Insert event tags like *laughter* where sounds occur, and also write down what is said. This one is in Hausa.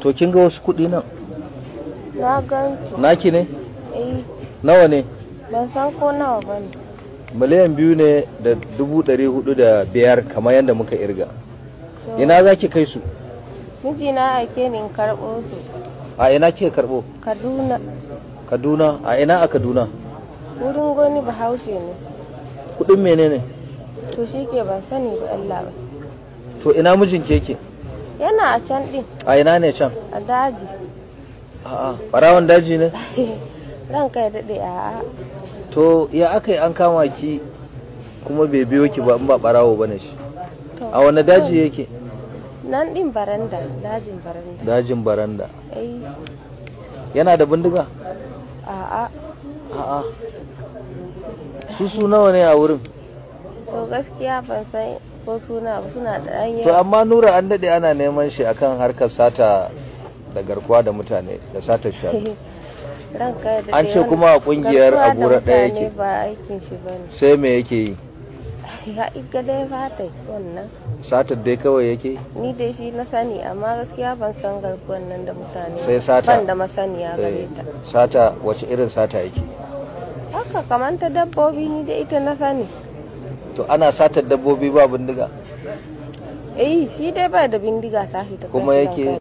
to kin ga wasu kuɗi nan na ganki naki ne eh nawa ne ban san ko nawa ba ne miliyan biyu ne da dubu ɗari hudu da biyar kamar yadda muka irga ina za ki kai su mijina ake ne karɓo su a ina ke karɓo kaduna kaduna a ina a kaduna wurin goni bahaushe ne kuɗin menene to shi ke ban sani ba allah ba to ina mijin ke yake yana a can din a ina ne can a daji a'a farawan daji ne *laughs* ranka kai daɗe a'a to ya aka yi an kama ki kuma bai biyo ki ba in ba barawo bane shi a wani daji yake nan din baranda dajin baranda dajin baranda yana da bindiga a'a a'a su su nawa ne a wurin to gaskiya ban san suna suna to amma nura an daɗe ana neman shi akan harkar sata da garkuwa da mutane da satar shi. *laughs* an ce kuma a kungiyar a gura ɗaya yake sai me yake yi *laughs* ya iga dai fata wannan satar dai kawai yake ni dai shi na sani amma gaskiya ban san garkuwan nan da mutane sai sata ban da masaniya gare eh, ta sata wace irin sata yake haka kamar ta dabbobi ni da ita na sani to ana satar dabbobi ba bindiga eh shi dai ba da bindiga shi ta kuma yake